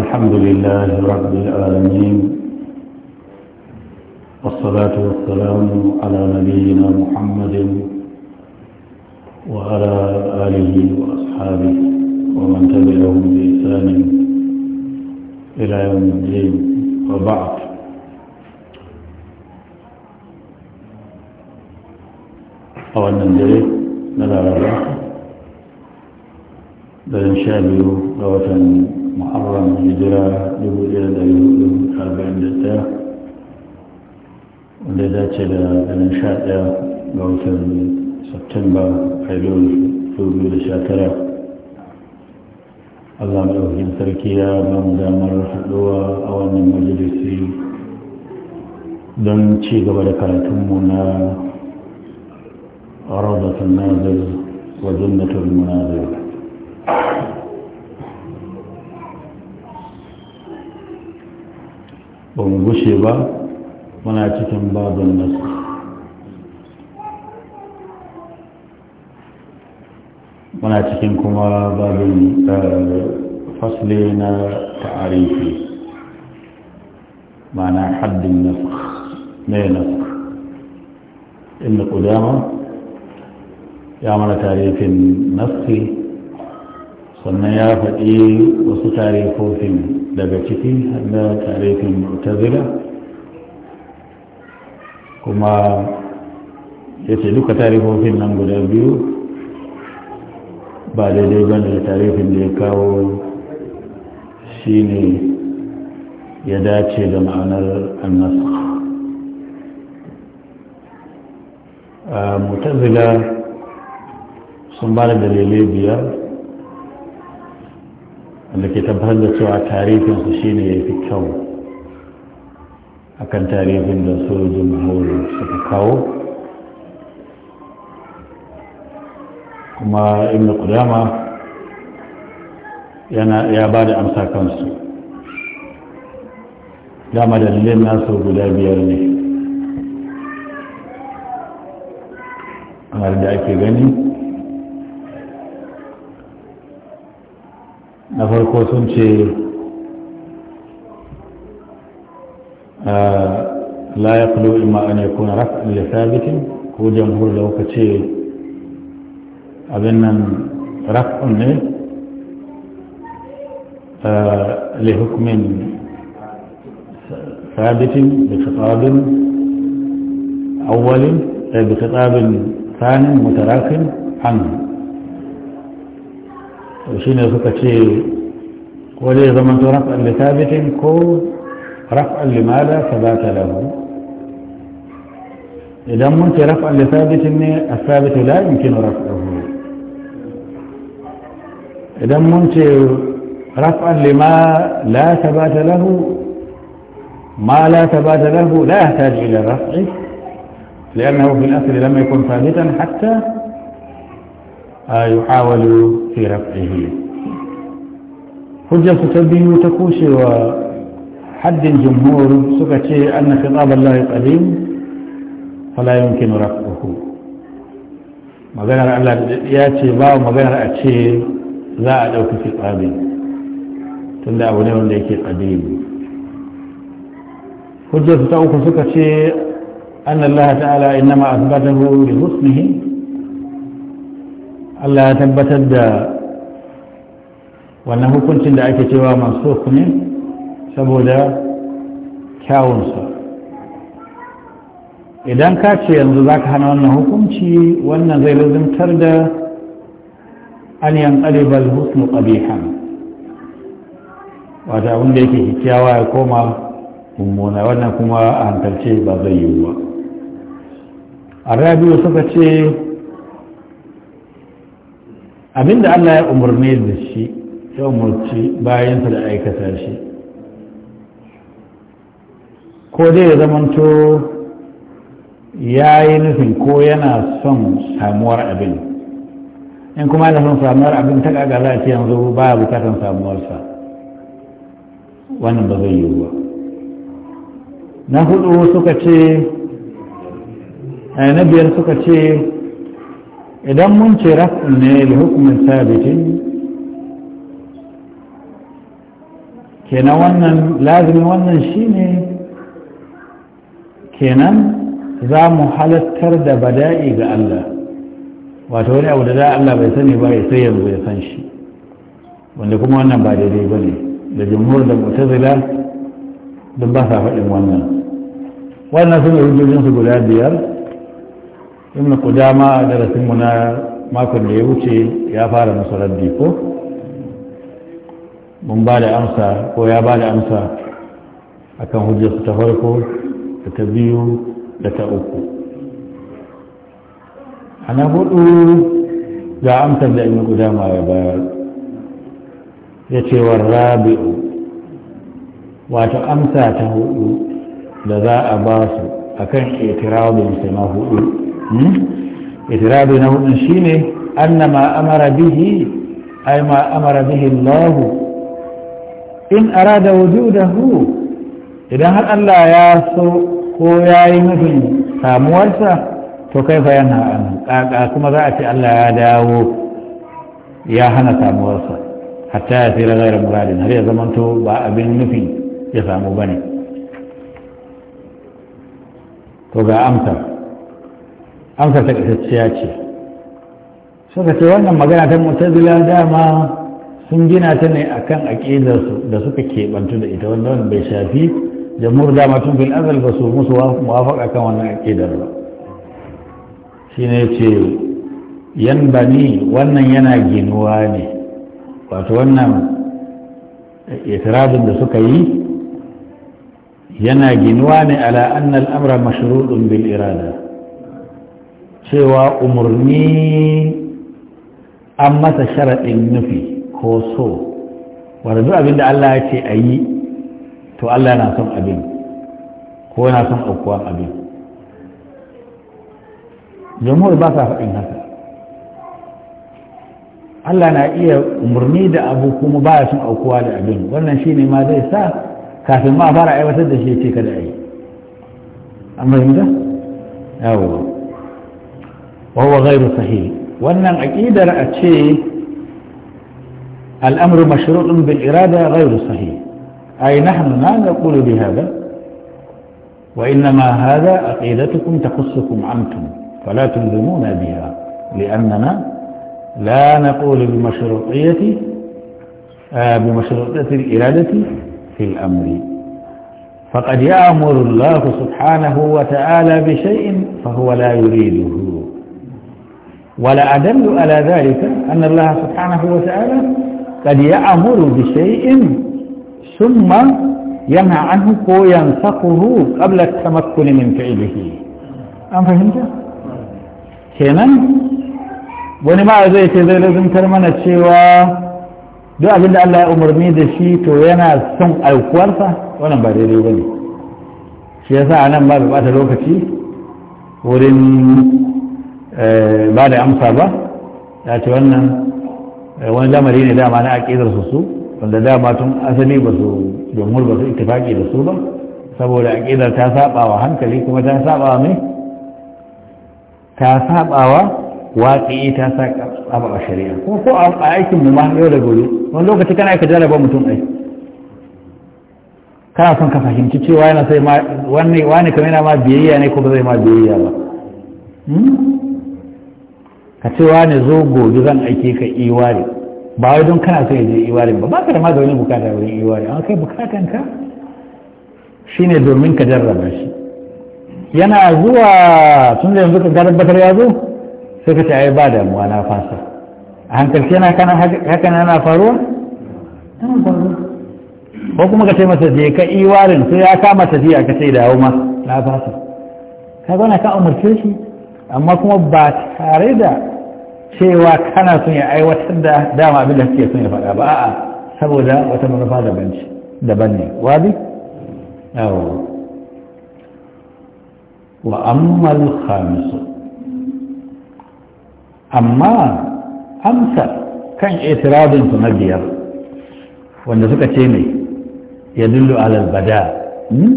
الحمد لله رب العالمين والصلاة والسلام على نبينا محمد وعلى آله وأصحابه ومن تبعهم بإحسان إلى يوم الدين وبعد أولا ندري نلا رباح بل شاء الله muharram hijira 1441 wanda dace da ganin sha ɗaya ga watan septemba hailun tara. allah maɗaukin sarki ya ba mu damar haɗuwa a wannan majalisi don ci gaba da karatunmu na rawdatun nazir wa jannatul munazir ba mu gushe ba muna cikin babin nasu muna cikin kuma babin fasle na ta'arifi ma'ana haddin nasu ne nasu inda kudama ya mana tarifin nasi sannan ya faɗi wasu tarifofin daga ciki na tarihin mu'tazila kuma ya ce duka tarifofin nan guda biyu ba daidai ba ne tarifin da ya kawo shi ne ya dace da ma'anar annasa a mutazila sun ba da dalilai biyar wanda ke tabbatar da cewa tarihinsu shi ne ya fi kyau a kan tarihin da sojin su suka kawo kuma inda kudama ya ba da amsa kansu dama dalilin nasu guda biyar ne kamar da ake gani نفر قوسون چه لا يقلو إما أن يكون رفع لثابت هو جمهور لو كچه أبنن رفع لحكم ثابت بخطاب أول بخطاب ثاني متراكم عنه وشين يفك تشيل ولي ضمن رفع لثابت كون رفعا لماذا ثبات له إذا منت رفع لثابت إن الثابت لا يمكن رفعه إذا منت رفع لما لا ثبات له ما لا ثبات له لا يحتاج إلى رفعه لأنه في الأصل لم يكن ثابتا حتى يحاول في رفعه حجة تبين تكوش وحد الجمهور سكتي أن خطاب الله قديم فلا يمكن رفعه ما غير ألا يأتي باو ما غير أتي لا أدوك في قابي تندى أبو ليك قديم حجة تأوك سكتي أن الله تعالى إنما أثبته لحسنه Allah ya tabbatar da wannan hukuncin da ake cewa masu ne saboda kyawunsa idan ka ce yanzu za ka hana wannan hukunci wannan zai lazimtar da an yan ƙalibar husnu ƙabihan wata abinda yake kyakkyawa ya koma mummuna wannan kuma a hankalce ba zai yiwu ba a rabiu suka ce Abin da Allah ya umarni da shi ya umarci bayansa da aikata shi ko dai ya zamanto ya yi nufin ko yana son samuwar abin in kuma yana son samuwar abin ta kaga za ce yanzu ba a bukatan samuwarsa wannan ba zai yi ba na hudu suka ce eh, na biyar suka ce idan mun ce raf'in ne da hukumin sabitin kenan wannan lazimin wannan shine kenan za mu halattar da bada'i ga Allah wato wani abu da za Allah bai sani ba ya sai yanzu ya san shi wanda kuma wannan ba daidai ba ne da jimhur da mutazila duk ba sa faɗin wannan wannan suna ne hujjojinsu guda biyar inna ku dama mu na makon da ya wuce ya fara musu raddi ko mun ba da amsa ko ya ba da amsa hujjarsu ta farko da ta biyu da ta uku a na hudu ga amsar da ibn qudama ya bayar ya ce wa rabi'u wato amsa ta hudu da za a ba su akan itirabin na hudu Hmm? itirabi na hudun shine anna ma amara bihi ay ma amara bihi Allah in arada wujudahu idan har Allah ya so ko yi nufin samuwarsa to kai fa yana an kaka kuma za a ce Allah ya dawo ya hana samuwarsa hatta ya tsira gairar muradin har ya zamanto ba abin nufi ya samu bane to ga amsar Amsar ta ƙasasciya ce suka ce wannan magana ta mutazila dama sun gina ta ne a kan aƙidarsu da suka keɓantu da ita wanda wani bai shafi jamhur dama tun fil azal ba su musu a kan wannan aƙidar ba shi ne ce yan bani wannan yana ginuwa ne wato wannan itirazin da suka yi yana ginuwa ne ala annal amra mashrudun bil iradar cewa umarni an masa sharaɗin nufi ko so wanda duk abin da Allah ya ce a yi to Allah na son abin ko yana son aukuwan abin jamhur ba sa faɗin haka Allah na iya umarni da abu kuma ba ya son aukuwa da abin wannan shi ne ma zai sa kafin ma fara aiwatar da shi ya ce kada a yi an fahimta? yawon وهو غير صحيح وأن أكيد شيء الأمر مشروع بالإرادة غير صحيح أي نحن لا نقول بهذا وإنما هذا عقيدتكم تخصكم عنكم فلا تلزمونا بها لأننا لا نقول بمشروعية آه، بمشروعية الإرادة في الأمر فقد يأمر الله سبحانه وتعالى بشيء فهو لا يريده ولا أدل على ذلك أن الله سبحانه وتعالى قد يأمر بشيء ثم ينهى عنه وينسقه قبل التمكن من فعله أم فهمت؟ كيما؟ وني ما زيت زي لازم كرمنا الشيوى دو أبدا الله أمر ميد الشيء توينا ثم الكوارفة وانا باري ريواني شيئا أنا ما ببقى شيء ولن Eh, ba da amsa ba ya ce wannan eh, wani lamari ne dama na aƙidar su su wanda dama tun asali ba su jumhur ba su ittifaki da su ba saboda aƙidar ta saba wa hankali kuma ta saba wa mai ta saba wa waƙi ta saba wa shari'a kuma ko a aikin mu ma yau da gobe wani lokaci kana aika jarraba mutum ai kana son ka fahimci cewa yana sai wani wani kamar yana ma biyayya ne ko ba zai ma biyayya ba hmm? ka ce ne zo gobe zan aike ka iware ba wai don kana so ya je iware ba ba ka da ma da wani bukata wani iware amma kai bukatan ka shine domin ka jarraba shi yana zuwa tun da yanzu ka garbatar ya zo sai ka ce ai ba damuwa na fasa a hankalci yana kana haka yana faruwa yana faruwa ko kuma ka ce masa je ka iwarin sai ya kama tafiya ka ce dawo ma na fasa ka gona ka umarce shi amma kuma ba tare da cewa kana son ya aiwatar da dama abin da kake son ya faɗa ba a saboda wata manufa daban ce daban ne wazi yawo wa ammal khamisu amma amsa kan itiradinsu na biyar wanda suka ce ne ya dillu alalbada hmm?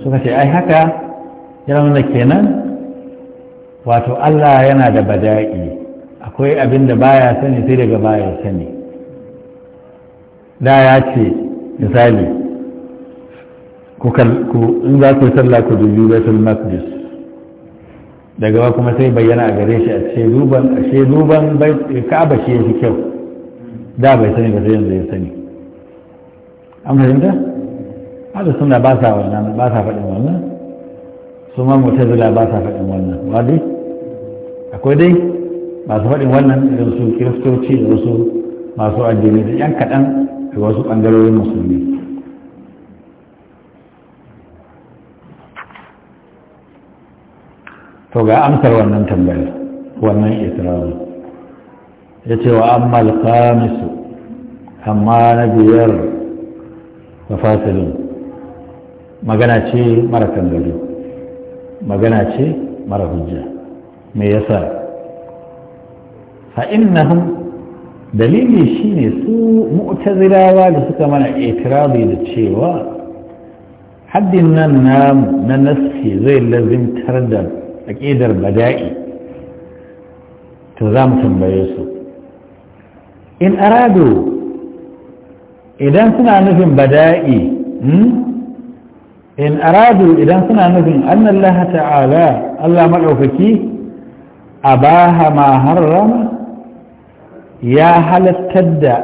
suka ce ai haka yana nuna kenan wato Allah yana da bada'i akwai abin da baya sani sai daga baya sani da ya ce misali in za ku sallah ku dubi baitul maqdis daga ba kuma sai bayyana a gare shi a ce duban a ce duban ka'aba shi yake kyau da bai sani ba sai yanzu ya sani an fahimta hada suna ba sa wannan ba sa faɗin wannan su ma mutazila ba sa faɗin wannan wadi akwai dai masu faɗin wannan irin su kiristoci da wasu masu addini da yan kaɗan da wasu ɓangarorin musulmi to ga amsar wannan tambayar wannan isra'il ya ce wa amma alkhamisu amma na biyar fasilin, magana ce mara kangado magana ce mara hujja me yasa فإنهم dalili shine su mu'tazilawa da suka mana itirazi da cewa haddin nan namu na nassi zai lazimtar da aƙidar bada'i to za mu tambaye su in arado idan suna nufin bada'i hmm? in arado idan suna nufin annan ta'ala allah maɗaukaki a ma harrama ya halattar da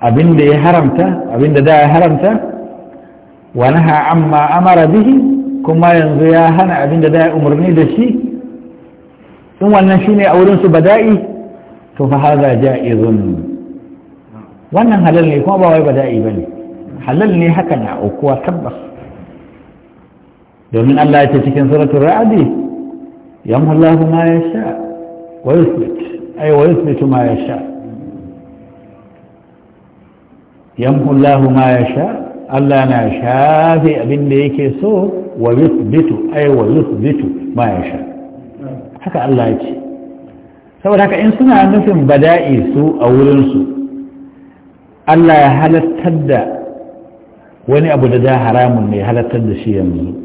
abin da ya haramta abin da da ya haramta wani naha amma amara bihi kuma yanzu ya hana abin da da ya umarni da shi in wannan shine a wurin bada'i to fa haza ja'izun wannan halal ne kuma ba wai bada'i ba ne halal ne haka na a tabbas domin Allah ya ce cikin suratul ra'd yamhu Allahu ma yasha wa yuthbit أي ويثبت ما na يمحو الله ما يشاء الله أنا شافئ بالليك سوء ويثبت أي ويثبت ما يشاء haka Allah ya saboda haka in suna nufin bada'i su a wurinsu Allah ya halartar da wani abu da da haramun mai halartar da shi yanzu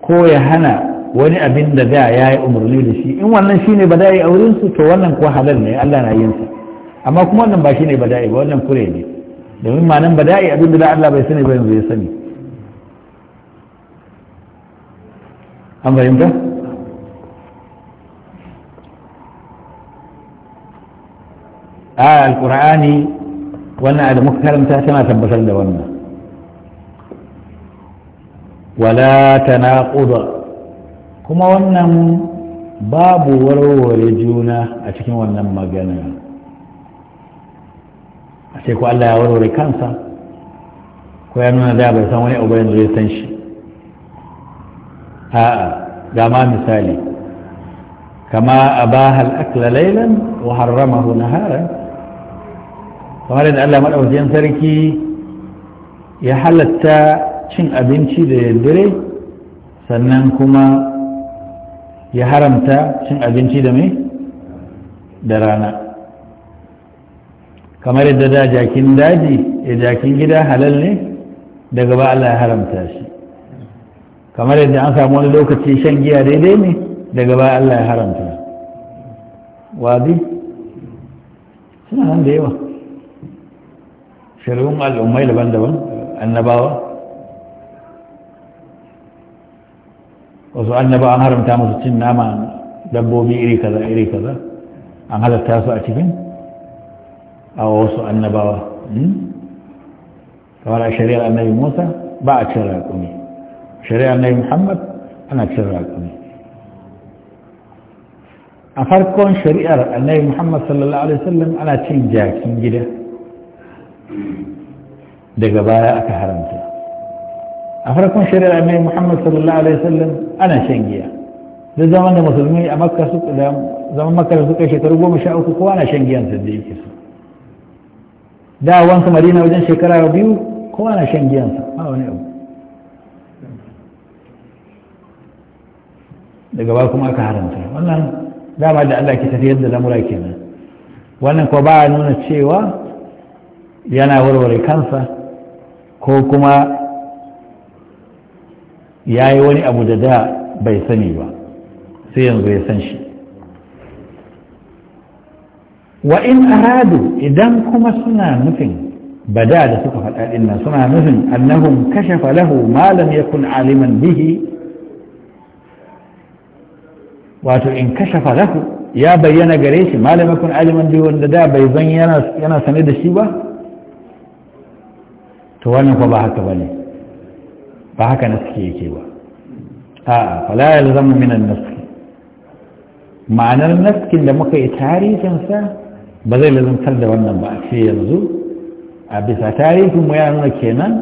ko ya hana wani abin da da ya yi umarni da shi in wannan shine bada'i a wurin su to wannan kuwa halal ne Allah na yin sa amma kuma wannan ba shine bada'i ba wannan kure ne domin ma'anan bada'i abin da Allah bai sani ba yanzu ya sani an fahimta a alkur'ani wannan da muka karanta tana tabbatar da wannan wala tanaquda kuma wannan babu warware juna a cikin wannan magana a ce ko Allah ya warware kansa ko ya nuna da bai san wani abu ya san shi a'a ga ma misali kama a ba akla lailan wa harramahu naharan kamar da Allah madaukakin sarki ya halatta cin abinci da daddare sannan kuma ya haramta cin abinci da mai da rana kamar yadda da jakin daji ya eh, jakin gida halal ne daga ba Allah ya haramta shi kamar yadda an samu wani lokaci shan giya daidai ne daga ba Allah ya haramta wadi suna nan da yawa shari'un al'ummai daban-daban annabawa wasu annaba an haramta musu cin nama dabbobi iri kaza iri kaza an halatta su a cikin a wasu annabawa hmm? kamar a shari'ar annabi musa ba a cin raƙumi shari'ar annabi muhammad ana cin raƙumi a farkon shari'ar annabi muhammad sallallahu alaihi wasallam ana cin jakin gida daga baya aka haramta a farkon shari'a mai muhammad sallallahu alaihi wasallam ana shan giya duk zaman da musulmi a makka su da zaman makka da suka shekaru goma sha uku kowa ana shan giyan sa da yake so da wansu madina wajen shekara biyu kowa na shan giyan sa ba wani abu daga ba kuma aka haramta wannan dama da Allah ke tafiyar da lamura kenan wannan kuma ba nuna cewa yana warware kansa ko kuma ya yi wani abu da da bai sani ba sai yanzu ya san shi wa in aradu idan kuma suna nufin bada da suka faɗa ɗin suna nufin annahun kashafa lahu ma ya kun aliman bihi wato in kashafa lahu ya bayyana gare shi ma lam aliman bihi wanda da bai zan yana sane da shi ba to wannan fa ba haka ba ne. ba haka naski yake ba a falayar zama minan an ma'anar naskin da muka yi tarihinsa ba zai lalantar da wannan ba a ce yanzu a bisa tarihinmu ya nuna kenan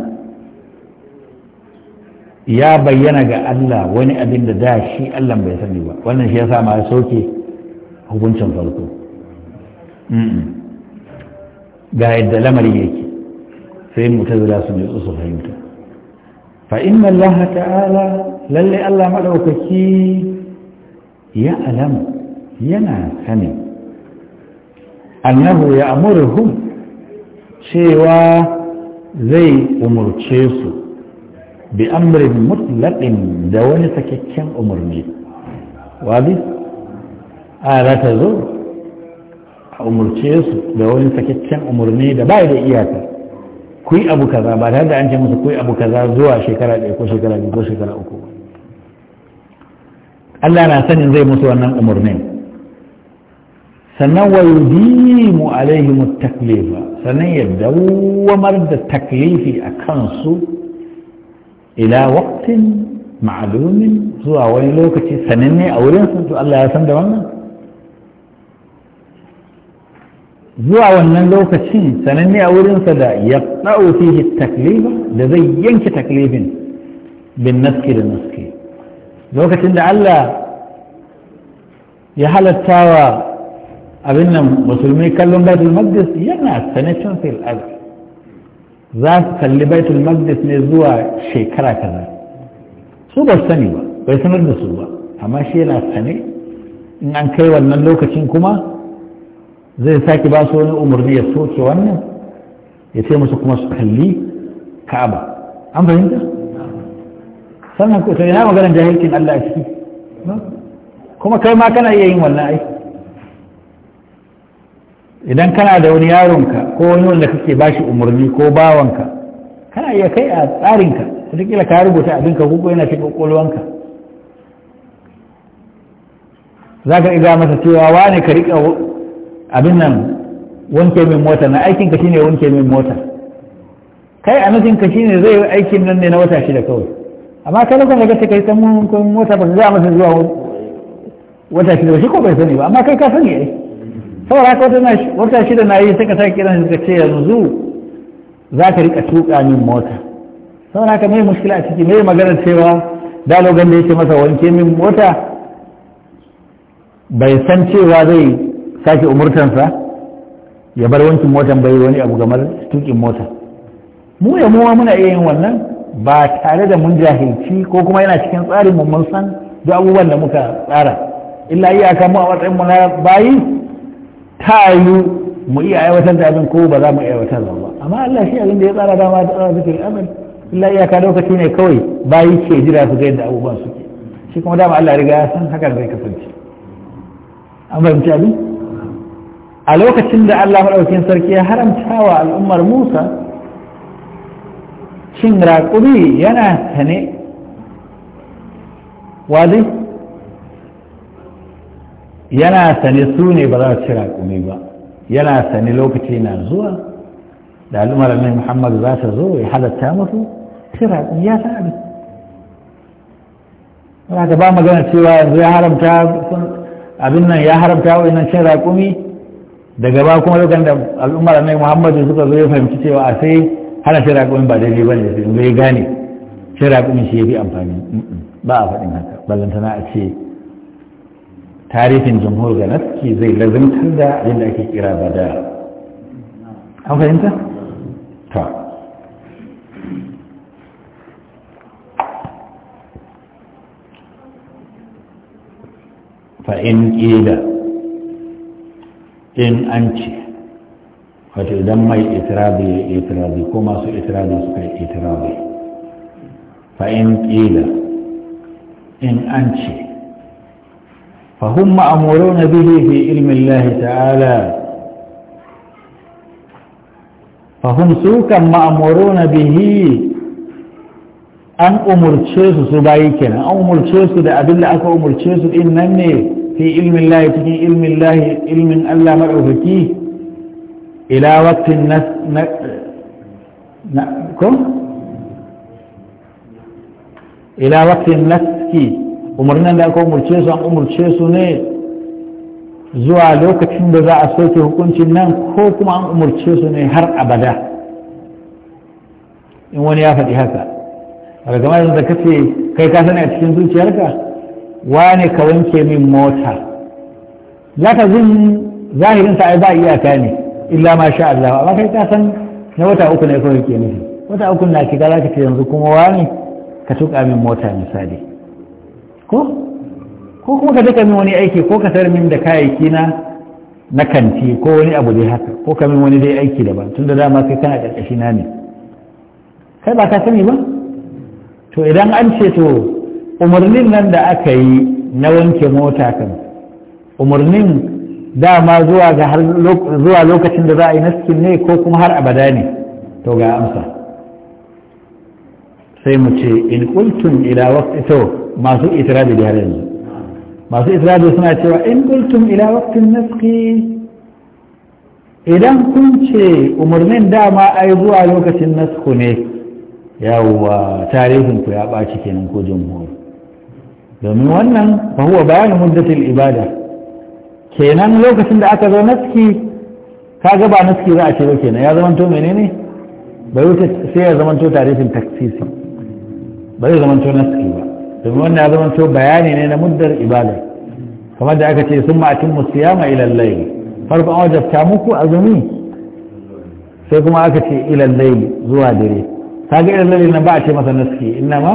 ya bayyana ga Allah wani abin da da shi Allah bai sani ba wannan shi ya sa masu soke hukuncin farko ga yadda lamari yake sai mutazila su ne su fahimta fa inna allah ta'ala lalle allah madaukaki ya alam yana sani annahu ya amurhum cewa zai umurce su bi amrin mutlaqin da wani sakakken umarni wadi a rata zo a umurce su da wani sakakken umarni da bai da iyaka ku abu kaza ba tare da an ce musu ku abu kaza zuwa shekara ɗaya ko shekara biyu ko shekara uku Allah na sanin zai musu wannan umarnin sannan mu alaihi mu taklifa sannan ya dawamar da taklifi a kansu ila waktin ma'lumin zuwa wani lokaci sananne a wurin sun to Allah ya san da wannan zuwa wannan lokaci sananne a wurinsa da ya ɗau fihi taklifa da zai yanke taklifin bin naski da naski lokacin da Allah ya halatta wa abin nan musulmi kallon baitul maqdis yana sanacin fil azhar za su kalli baitul maqdis ne zuwa shekara kaza su ba sani ba bai sanar da su ba amma shi yana sane in an kai wannan lokacin kuma zai sake ba su wani umarni ya soke wannan ya ce musu kuma su kalli ka'aba an fahimta sannan ko sai na maganar jahilcin Allah a ciki kuma kai ma kana iya yin wannan aiki idan kana da wani yaronka ko wani wanda kake ba shi umarni ko bawanka kana iya kai a tsarinka wataƙila ka rubuta abinka ko yana cikin ƙwaƙwalwanka za ka iya masa cewa wani ka riƙa abin nan wanke min mota na aikin ka shine wanke min mota kai a nufin ka shine zai yi aikin nan ne na wata shida kawai amma kai lokacin da kace kai san mun mota ba za masa zuwa wata shida ba shi ko bai sani ba amma kai ka sani ai saboda haka wata wata shida na yi sai ka sake kiran ka ce yanzu za ka rika tuka min mota saboda haka mai mushkila a ciki mai magana cewa dalogan da yake masa wanke min mota bai san cewa zai sake umurtansa ya bar wankin motan bai wani abu gamar tukin mota mu ya muwa muna iya yin wannan ba tare da mun jahilci ko kuma yana cikin tsarin mun san duk abubuwan da muka tsara illa ka mu a matsayin mu na bayi ta yi mu iya aiwatar da abin ko ba za mu iya aiwatar da ba amma Allah shi abin da ya tsara dama da tsara suke amin illa ka lokaci ne kawai bayi ke jira su ga yadda abubuwan suke shi kuma dama Allah riga ya san hakan zai kasance an fahimci abin a lokacin da Allah maɗaukin sarki ya haramta wa al'ummar Musa cin raƙuri yana ta ne wadi yana sane su ne ba za su ci raƙumi ba yana sane lokaci na zuwa da al'ummar annabi Muhammad za ta zo ya halatta musu ci raƙumi ya sa abin ba magana cewa yanzu ya haramta abin nan ya haramta wa cin raƙumi daga ba kuma lokacin da al'ummar annabi muhammadu suka zo ya fahimci cewa a sai hana shi raƙumin ba daidai ba ne sai zai gane shi raƙumin shi ya fi amfani ba a faɗin haka ballantana a ce tarihin jamhur ga naski zai lazimtar da abin da ake kira ba da an fahimta? ta fa'in ƙida. in an ce wato idan mai itirabi ya itirabi ko masu itirabi suka yi itirabi fa in ƙila in an ce fa hum ma'amurun bihi fi ilmin Allah ta'ala fa hum sukan ma'amurun bihi an umurce su su bayi kenan an umurce su da abin da aka umurce su din nan ne fi ilmin lahi cikin ilmin lahi ilmin Allah maɗaukaki ila waktin na ko ila waktin naski umarnin da aka umarce su an umarce su ne zuwa lokacin da za a soke hukuncin nan ko kuma an umarce su ne har abada in wani ya faɗi haka daga kamar yanzu da kai ka sani a cikin zuciyarka wane ka wanke min mota zin zahirin sa'ai ai ba iyaka ne illa ma sha Allah amma kai ka san na wata uku ne kawai ke nufi wata uku na kika za ka ce yanzu kuma wani ka tuka min mota misali ko ko kuma ka duka min wani aiki ko ka sayar min da kayayyaki na na kanti ko wani abu dai haka ko ka min wani dai aiki daban tun da dama kai kana karkashi na ne kai ba ka sani ba to idan an ce to umarnin nan da aka yi na wanke mota kan umarnin dama zuwa ga har zuwa lokacin da za a yi naskin ne ko kuma har abada ne to ga amsa sai mu ce in qultum ila waqti to masu itiradi da yanzu masu itiradi suna cewa in qultum ila waqtin naski idan kun ce umarnin dama ai zuwa lokacin nasku ne yawwa tarihin ku ya ɓaci kenan ko jumhuri domin wannan fa huwa bayan muddatul ibada kenan lokacin da aka zo naski kaga ba naski za a ce ba kenan ya zamanto menene bai wuce sai ya zamanto tarihin taksisi ba zai zamanto naski ba domin wannan ya zamanto bayani ne na muddar ibada kamar da aka ce sun ma'atin musiyama ilallai. layl wajen wajabta muku azumi sai kuma aka ce ilallai layl zuwa dare kaga ilal layl nan ba a ce masa naski inna ma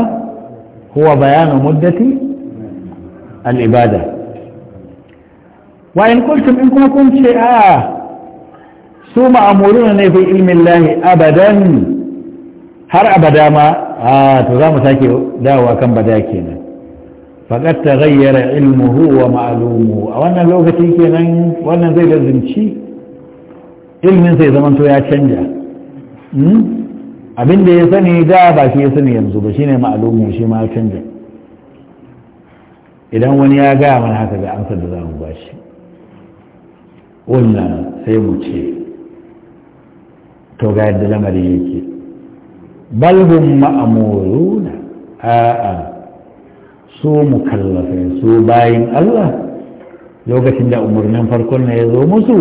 huwa bayanin muddati al'ibada wayan kultum in kuma kun ce a su ma'amuruna ne fi ilmin lahi abadan har abada ma a to za mu sake dawa kan bada kenan faƙar ta gayyara ilmuhu wa ma'alumu a wannan lokaci kenan wannan zai ci. ilmin sai zamanto ya canja hmm? abin da ya sani da ba shi ya sani yanzu ba shine ma'alumu shi ma ya canja idan wani ya gaya mana haka ga amsar da za mu shi wannan sai mu ce to ga yadda lamarin yake ma'amuru na a'a su mukallafai su bayin Allah lokacin da umarnin farkon na ya zo musu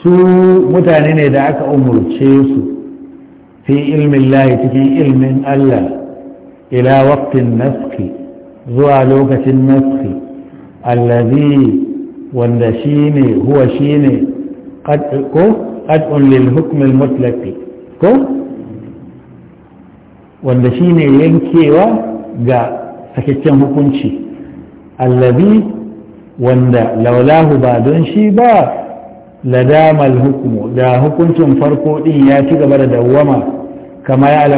su mutane ne da aka umarce su fi ilmin lahi cikin ilmin Allah ila waktin naski zuwa lokacin nassi allazi wanda huwa shine ko lil ko wanda shine yankewa ga sakakken hukunci allazi wanda laulahu ba don shi ba ladamal hukumu da hukuncin farko din ya ci gaba da dawwama kama ya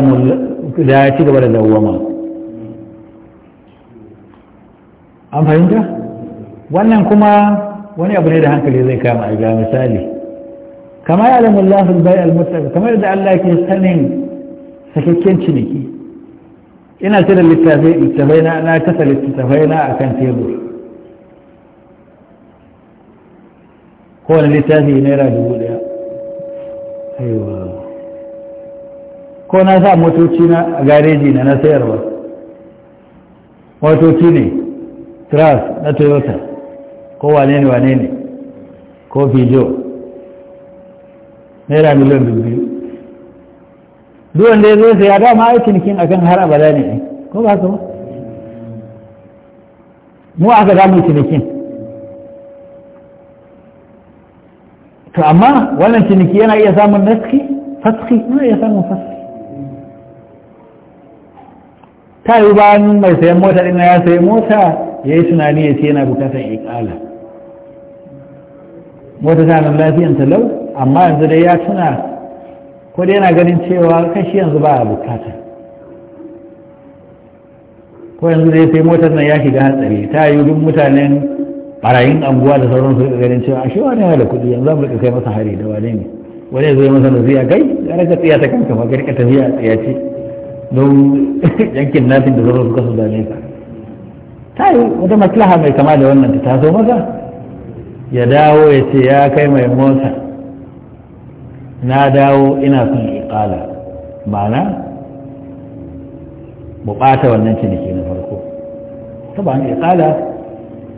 da ya ci gaba da dawwama an fahimta wannan kuma wani abu ne da hankali zai kama ga misali kama ya alamun lafin bai almutaka kamar yadda Allah ke sanin sakakken ciniki ina ce da littafai na na kasa littafai na a kan tebur kowane littafi naira dubu daya aiwa ko na sa motoci na a gareji na na sayarwa motoci ne cross na toyota ko wane ne wane ne ko fijo naira miliyan biyu duwan da ya zo sai ya dama aikin kin kan har abada ne ko ba su ba mu aka damu cinikin to amma wannan ciniki yana iya samun naski faski yana iya samun faski ta yi bayan mai sayan mota ɗin ya sayi mota ya yi tunani ya ce yana bukatar iƙala wata tanar lafiyan talau amma yanzu dai ya tuna ko dai yana ganin cewa kashi yanzu ba a bukata ko yanzu dai sai motar nan ya shiga hatsari ta yi duk mutanen barayin anguwa da sauransu su ganin cewa a shewa ne da kuɗi yanzu mu kai masa hari da wane ne wani zai masa nasiya kai ya raka tsiya ta kanka ba ka tafiya tsiya ce don yankin nafin da sauransu su kasu da ka ta yi wata maslaha mai kama da wannan ta taso maka ya dawo ya ce ya kai mai mota na dawo ina son iƙala ma'ana mu ɓata wannan ciniki na farko saboda iƙala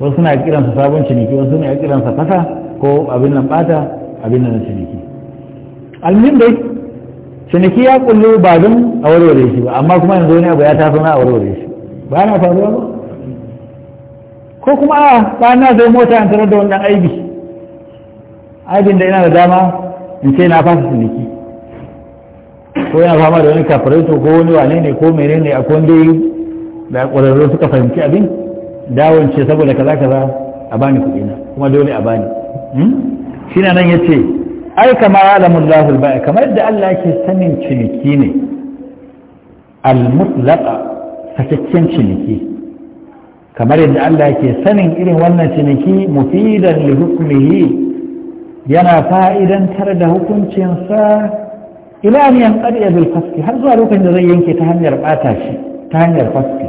wasu suna kiransa sabon ciniki wasu suna kiransa fasa ko abin nan ɓata abin nan ciniki almin dai ciniki ya kullu ba don a warware shi ba amma kuma yanzu wani abu ya taso na a warware shi ba na faruwa ba ko kuma a bayan na zai mota an tarar da wannan aibi aibin da yana da dama in ce na fasa ciniki ko yana fama da wani kafarito ko wani wane ne ko mene ne a kwandoyi da ƙwararru suka fahimci abin dawon ce saboda kaza kaza a bani kuɗi na kuma dole a bani hmm? shi na nan ya ce ai kama alamun lahul baya kamar yadda Allah ke sanin ciniki ne al-mutlaqa sakakken ciniki kamar yadda Allah ke sanin irin wannan ciniki mufidan li hukmihi yana fa'idantar da hukuncinsa ila an yanqadi bil fasli har zuwa lokacin da zai yanke ta hanyar bata shi ta hanyar fasli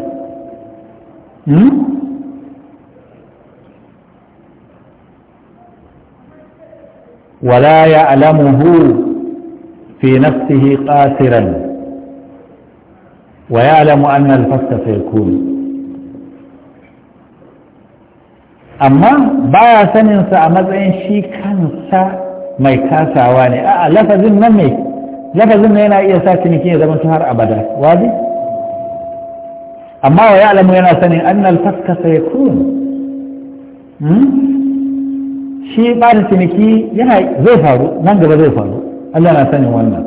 ولا يعلمه في نفسه قاسرا ويعلم أن الفسق سيكون amma baya saninsa a matsayin shi kansa mai kasawa ne a lafazin nan mai lafazin nan yana iya sa ciniki ya zama har abada wazi amma wa ya'lamu yana sanin annal faska sayakun hmm? shi bada ciniki yana zai faru nan gaba zai faru Allah na sanin wannan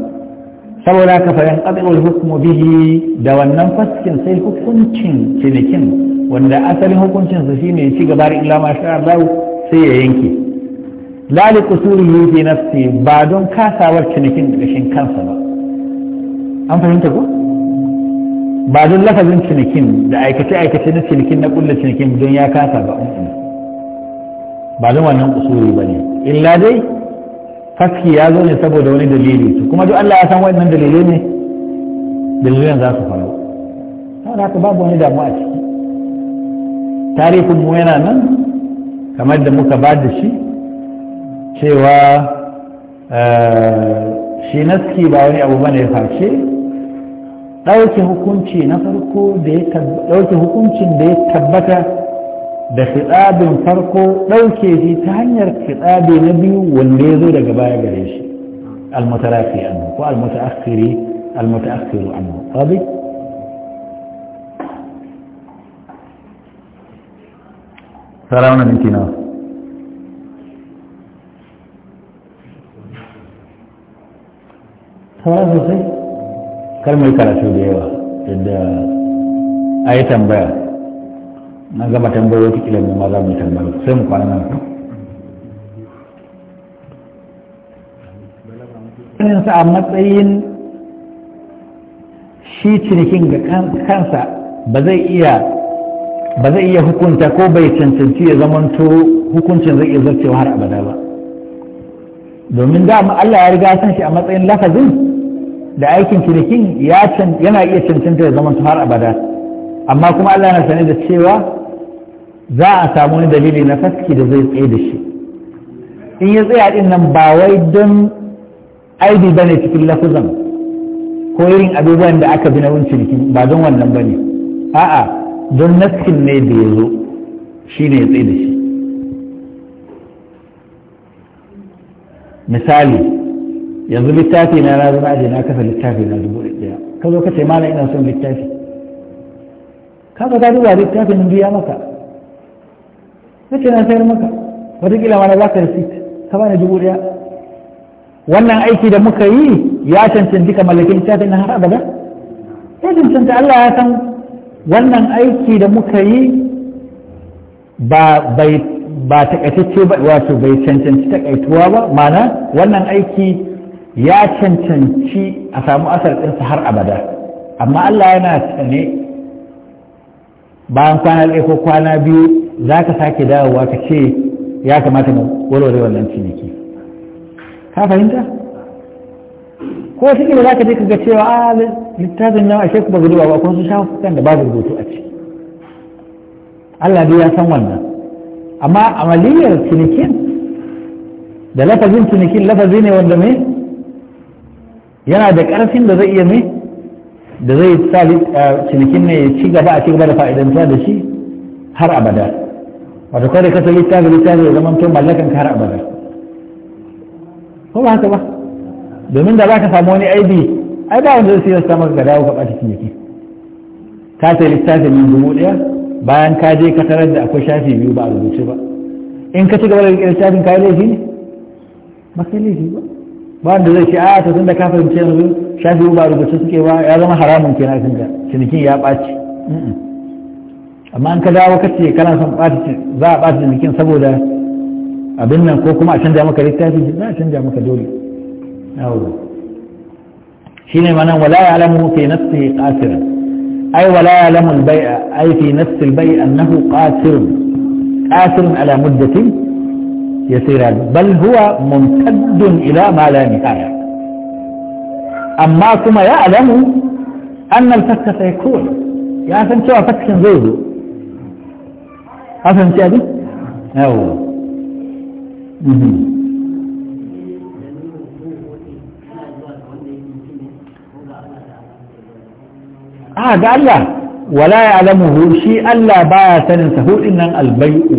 saboda ka fa yan qad'u al-hukmu bihi da wannan faskin sai hukuncin cinikin wanda asalin su shine ya ci gaba da illa ma sha Allah sai ya yanke lali kusuri fi nafsi ba don kasawar cinikin kashin kansa ba an fahimta ko ba don lafazin cinikin da aikace aikace na cinikin na kulla cinikin don ya kasa ba ba don wannan kusuri ba ne illa dai faski ya zo ne saboda wani dalili kuma duk Allah ya san wannan dalilai ne dalilan za su faru saboda haka babu wani damuwa ce tarihinmu yana nan kamar da muka ba da shi cewa eh, shi naski ba wani abu bane face ɗauke hukunci na farko da ya ɗauke hukuncin da ya tabbata da fitsabin farko ɗauke shi ta hanyar fitsabi na biyu wanda ya zo daga baya gare shi almutarafi anhu ko almutaakhiri almutaakhiru anhu sabi sara wannan minti nawa sara sosai kar yi karatu da yawa yadda a yi tambaya na gama tambayoyi wata kila mu ma za mu tambaya sai mu kwana nan kansa a matsayin shi cinikin ga kansa ba zai iya ba zai iya hukunta ko bai cancanci ya zamanto hukuncin zai iya zarcewa har abada ba domin dama Allah ya riga san shi a matsayin lafazin da aikin cinikin yana iya cancanta ya zamanto har abada amma kuma Allah na sane da cewa za a samu wani dalili na faski da zai tsaye da shi in ya tsaya din nan ba wai don aidi ba ne cikin lafuzan ko irin abubuwan da aka bi na wuncin ba don wannan ba ne a'a don naskin ne da ya zo shi ne ya tsaye da shi misali yanzu littafi na na zama na kasa littafi na dubu ɗaya ka zo ka ce mana ina son littafi ka ga gadi ba littafin biya maka na ce na sayar maka wataƙila mana za ka receipt ka bani dubu ɗaya wannan aiki da muka yi ya cancanci ka mallakin littafin na har abada ya cancanta Allah ya san wannan aiki da muka yi ba takaitacce ba wato bai cancanci takaituwa ba mana wannan aiki ya cancanci a samu asar ɗinsa har abada amma Allah yana sane bayan kwana ɗaya ko kwana biyu za ka sake dawowa ka ce ya kamata mu warware wannan ciniki ka fahimta ko shi ne za ka je ka ga cewa a littafin nan ashe ku ba guduwa ba kuma sun sha kan da babu rubutu a ciki Allah dai ya san wannan amma amaliyar tunikin da lafazin tunikin lafazi ne wanda me yana da ƙarfin da zai iya me da zai sa tunikin ne ya ci gaba a ci gaba da fa'idantuwa da shi har abada wato kawai da kasar littafin littafin ya zama to mallakan ka har abada ko ba haka ba domin da za ka samu wani aibi ai ba wanda zai sa maka ka dawo ka ɓata ciniki ka sai littafin min dubu ɗaya bayan ka je ka tarar da akwai shafi biyu ba a rubuce ba in ka ci gaba da riƙe littafin ka yi laifi ne ba kai laifi ba ba wanda zai ce a ta tun da ka fahimci yanzu shafi biyu ba a rubuce suke ba ya zama haramun kenan tun da cinikin ya ɓaci amma in ka dawo ka ce kana son ɓata za a ɓata cinikin saboda abin nan ko kuma a canja maka littafi za a canja maka dole أعوذ حين يمعنى ولا يعلمه في نفسه قاسرا أي ولا يعلم البيع أي في نفس البيع أنه قاسر قاسر على مدة يسيرا بل هو ممتد إلى ما لا نهاية أما ثم يعلم أن الفتح سيكون يا فهمت شو فتح زيه فهمت شو هذه؟ أو a ga Allah wala ya alamuhu shi Allah ya sanin sahudin nan albai'u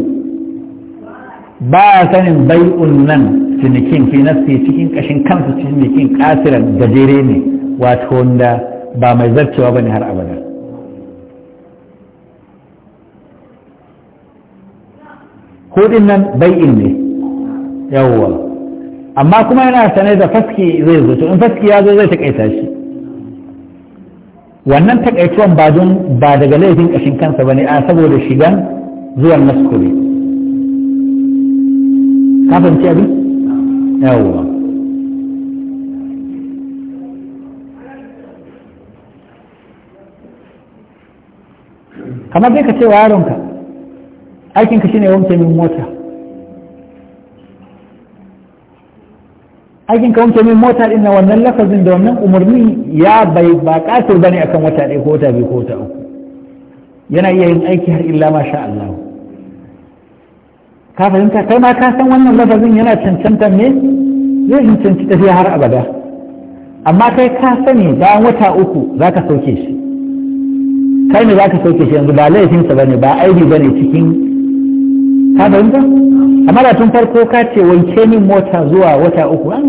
ya sanin bai'un nan cinikin fi nafsi cikin kashin kansa cinikin kasiran gajere ne wato wanda ba mai zarcewa bane har abada hudin nan bai'in ne yawwa amma kuma yana sane da faski zai zo to in faski ya zo zai taƙaita shi wannan takaituwan ba don ba daga laifin kashin kansa ba ne a saboda shigan zuwan maskuri ne abin yawon kamar dai ka ce wa yaronka aikinka shine wanke min mota aikin kawon wanke min mota ɗin na wannan lafazin da wannan umarni ya bai ba ne a akan wata ɗaya ko wata biyu ko wata uku yana iya yin aiki har illa ma sha Allah ka fahimta kai ma ka san wannan lafazin yana cancanta ne zai cancanci tafiya har abada amma kai ka sani bayan wata uku za ka sauke shi kai ne za ka sauke shi yanzu ba laifinsa ba ne ba aibi ba ne cikin ka fahimta amma da tun farko ka ce wanke min mota zuwa wata uku an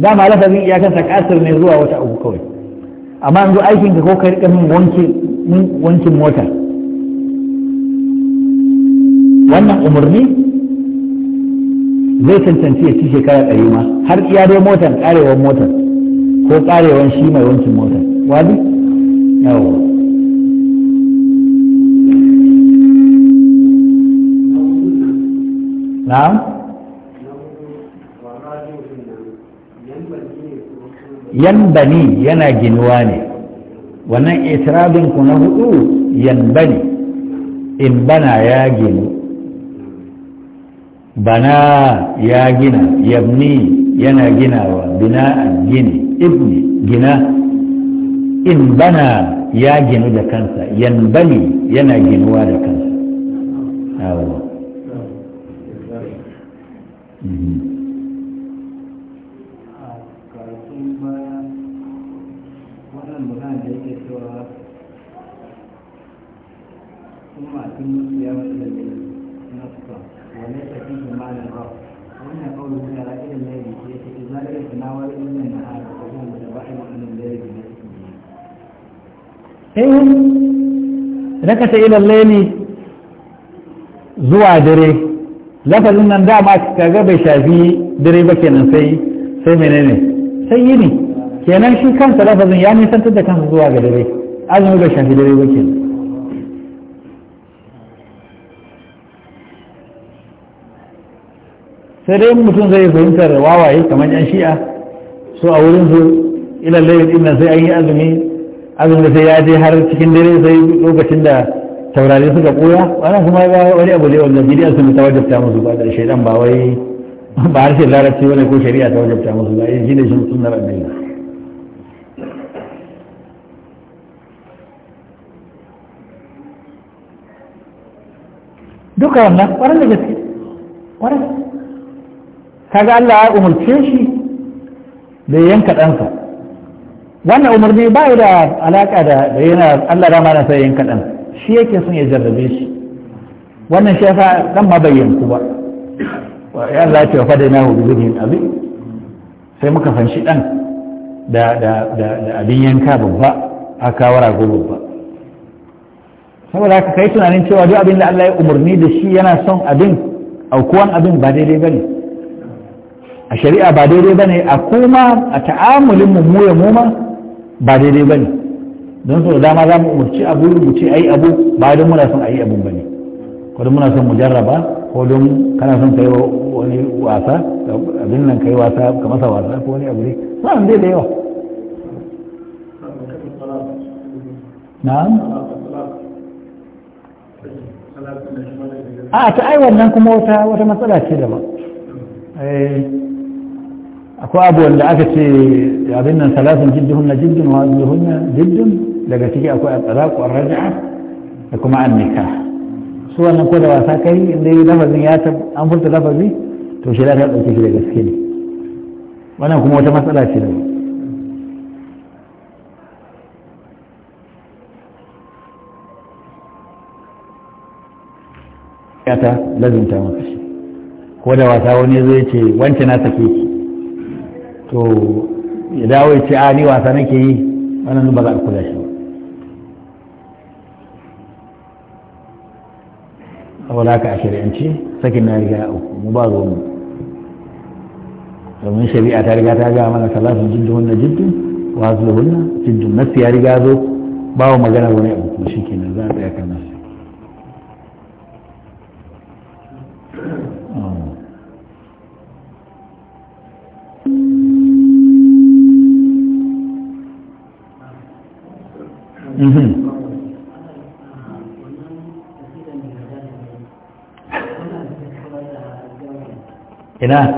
gama da dama iyakar sa kasir ne zuwa wata uku kawai amma an zo aikin ka ko ka rika min wankin mota wannan umarni zai cancanci ya ci shekara ɗari ma har iya dai motar ƙarewar motar ko ƙarewar shi mai wankin motar wani yawo na'am yanbani yana ginuwa ne wannan itirabin ku na hudu bani in bana ya ginu bana ya gina yabni yana ginawa bina gini ibni gina in bana ya ginu da kansa yanbani yana ginuwa da kansa إن ركت إلى الليل زوى دريه lafazin nan dama kaga bai shafi direba kenan sai sai menene sai yini kenan shi kansa lafazin ya nisantar da kansa zuwa ga dare azumi bai shafi direba kenan sai dai mutum zai yi fahimtar wawaye kamar yan shi'a so a wurin su ilallai din sai an yi azumi azumi sai ya je har cikin dare sai lokacin da taurari suka koya. wannan kuma ba wani abu ne wanda bidiya sun ta wajabta musu ba da shaidan ba wai ba harshen larabci wani ko shari'a ta wajabta musu ba yin eh, shi ne shi sunnar annabi duka wannan ƙwarar da gaske ƙwarar kaga Allah ya umarce shi da yanka ɗansa wannan umarni ba da alaƙa da yana Allah da ma na sai yanka ɗansa shi yake son ya jarrabe shi wannan shi yasa dan ma bayyan ku ba ya Allah ya fada na hu bizin abin sai muka fanshi dan da da da abin yanka babba a kawara go babba saboda haka kai tunanin cewa duk abin da Allah ya umarni da shi yana son abin aukuwan abin ba daidai bane a shari'a ba daidai bane a kuma a ta'amulin mu mu ya mu ma ba daidai bane don so dama za mu umarci abu mu ce ai abu ba don muna son ayi abun bane ko don muna son mu jarraba ko don kana son kai wani wasa abin nan kai wasa ka masa wasa ko wani abu ne an dai da yawa na'am a ta ai wannan kuma wata wata matsala ce da ba eh, akwai abu wanda aka ce abin nan salasin jiddun na jiddun wa jiddun daga ciki akwai al talaqu ar-raj'a da kuma an-nikah su wannan ko da wasa kai inda yi lafazin ya ta an furta lafazi to shi ta dauke shi da gaske ne wannan kuma wata matsala ce ne ya ta lazimta maka shi ko da wasa wani zai ce wance na sake ki to ya dawo ya ce a ni wasa nake yi wannan ba za a kula shi saboda haka a shari'ance sakin na riga uku mu ba zo mu domin shari'a ta riga ta ga mana salatu jiddu hunna jiddu wa azlu hunna jiddu nasi ya riga zo ba wa magana wani abu kuma shi kenan za a tsaya kan nasi Mm-hmm. ina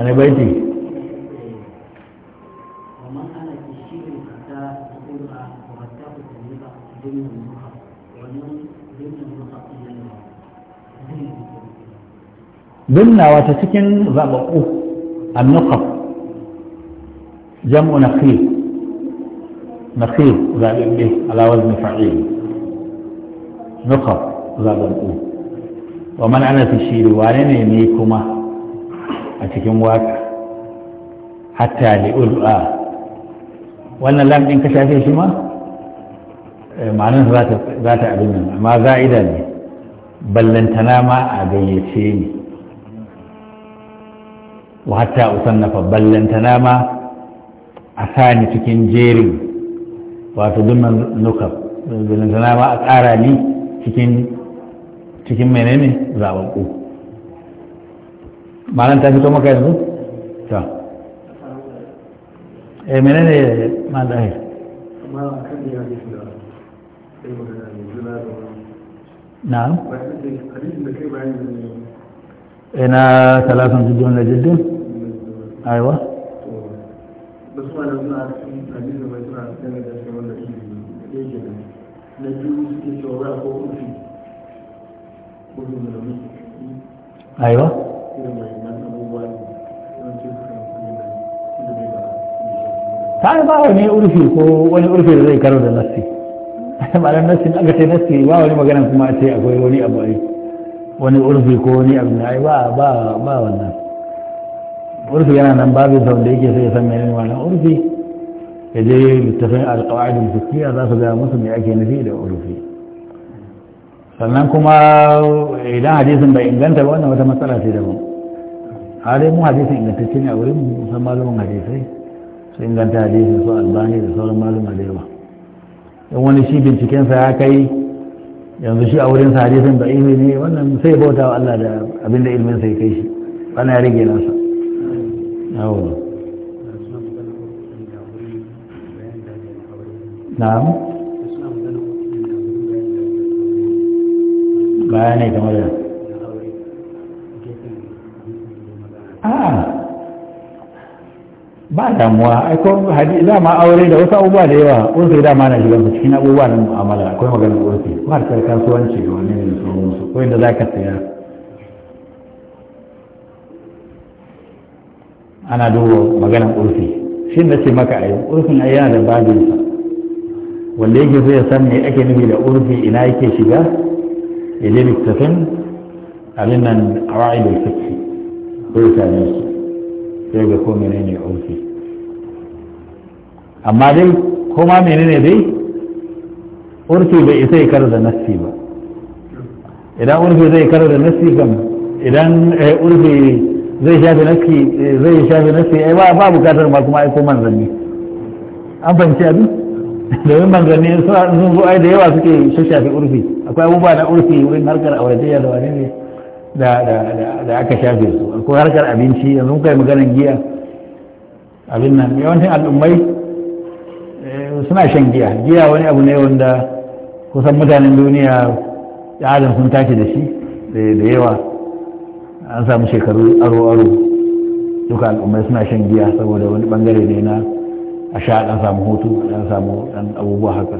wani baiti dunna wata cikin zaɓaɓɓu annukaf jam'u nakhil nakhil zaɓaɓɓe alawaz mafa'il nukaf zaɓaɓɓu wa man ana fi shiri wane ne ni kuma a cikin waka hatta li ul'a wannan lam din ka shafe shi ma eh, ma'anar za ta abin nan amma za'ida ne ballantana ma a gayyace ni wa hatta usannafa ballantana ma a sani cikin jerin wato dun nukab ballantana ma a tsara ni cikin cikin menene ku malam ta fito maka yanzu ta eh menene malam dahir na'am ina eh, talatin jiddon da jiddon aiwa na aiwa ta ba wani urfi ko wani urfi da zai karo da nassi malam nassi aka ce nassi ba wani magana kuma a ce akwai wani abu ai wani urfi ko wani abu na ai ba ba ba wannan urfi yana nan babu sau da yake sai ya san menene wannan urfi ya je littafin alƙawarin fikiya za su gaya musu me ake nufi da urfi sannan kuma idan hadisin bai inganta ba wannan wata matsala ce daban a dai mu hadisin ingantacce ne a wurin musan malumin hadisai su inganta hadisin su albani da sauran malumin da yawa in wani shi bincikensa ya kai yanzu shi a wurin sa hadisin ba yi ne wannan sai bauta wa Allah da abin da ilmin sai kai shi bana ya rage nasa na'am a'a ba damuwa aiko ko hadi dama aure da wasu abubuwa da yawa da dama na shiga su cikin abubuwa na mu'amala akwai maganar ba ko sai kasuwanci da wani ne da musu su ko inda za ka saya ana dubo maganin urfi shi na ce maka ayi urfin ai yana da babinsa wanda yake zai san me ake nufi da urfi ina yake shiga ya je littafin abin nan ƙawa'idul fiqh ko ya same su sai ga ko menene urfi amma dai ko ma menene dai urfi bai isa ya kar da nassi ba idan urfi zai kar da nassi kam idan urfi zai shafi nassi zai shafi nassi ai ba ba bukatar ma kuma ai ko manzanni an fahimci abin domin manzanni sun zo ai da yawa suke shafi urfi akwai abubuwa na urfi wurin harkar auratayya da wani ne da aka shafe su akwai harkar abinci yanzu kai maganin giya abin nan yawancin al'ummai eh, suna shan giya giya wani abu ne wanda kusan mutanen duniya ya adam sun tashi da shi da yawa an samu shekaru aro-aro duka al'ummai suna shan giya saboda wani bangare ne na a sha dan samu hutu dan samu dan abubuwa haka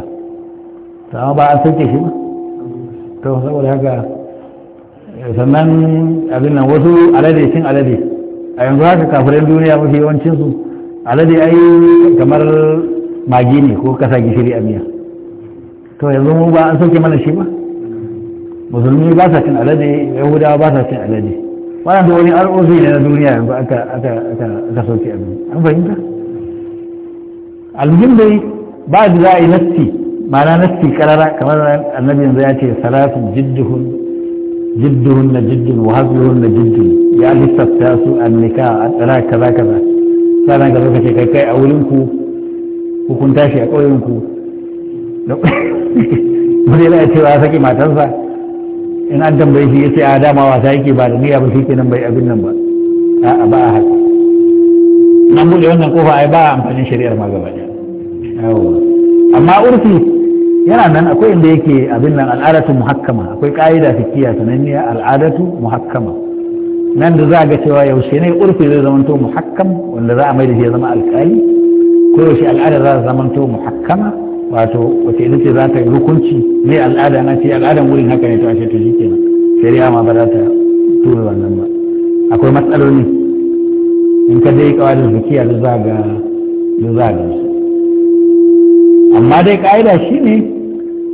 amma ba an sauke shi ba to saboda haka sannan abin nan wasu alade cin alade a yanzu haka kafirin duniya mafi yawancinsu alade ai kamar magi ne ko kasa gishiri a miya to yanzu mu ba an sauke mana shi ba musulmi ba sa cin alade yahudawa ba sa cin alade wannan da wani al'ozi ne na duniya yanzu aka aka sauke abin an fahimta alhim dai ba da za a yi nasti ma'ana nasti karara kamar annabi yanzu ya ce salasun jidduhun jidduhun na jiddun wa hazuhun na jiddun ya lissafta su a nika a tsara kaza kaza sana ga ce kai kai a wurin ku ko kun tashi a ƙauyen ku wani yana cewa ya saki matansa in an tambaye shi ya ce a dama wasa yake ba da niyya ba shi nan bai abin nan ba a ba a haka nan buɗe wannan kofa ai ba amfanin shari'ar ma gaba ɗaya amma urfi yana nan akwai inda yake abin nan al'adatu muhakkama akwai ka'ida fikiya sananniya al'adatu muhakkama nan da za ga cewa yaushe ne urfi zai zamanto muhakkam wanda za a mai da shi ya zama alkali ko yaushe al'ada za ta zamanto muhakkama wato wace ita ce za ta yi hukunci ne al'ada na ce al'adan wurin haka ne to ashe to shi kenan shari'a ma ba za ta tura wannan ba akwai matsaloli in ka dai kawai da fikiya da za ga da za ga amma dai ka'ida shi ne.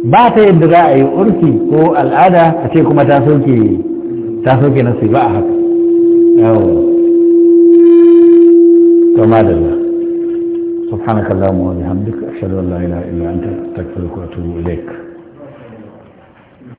ba ta yadda za a yi urfi ko al'ada a ce kuma ta soke ta soke na ba a haka yawo kama da Allah subhanakallahumma wa bihamdika ashhadu an la ilaha illa anta astaghfiruka wa atubu ilaik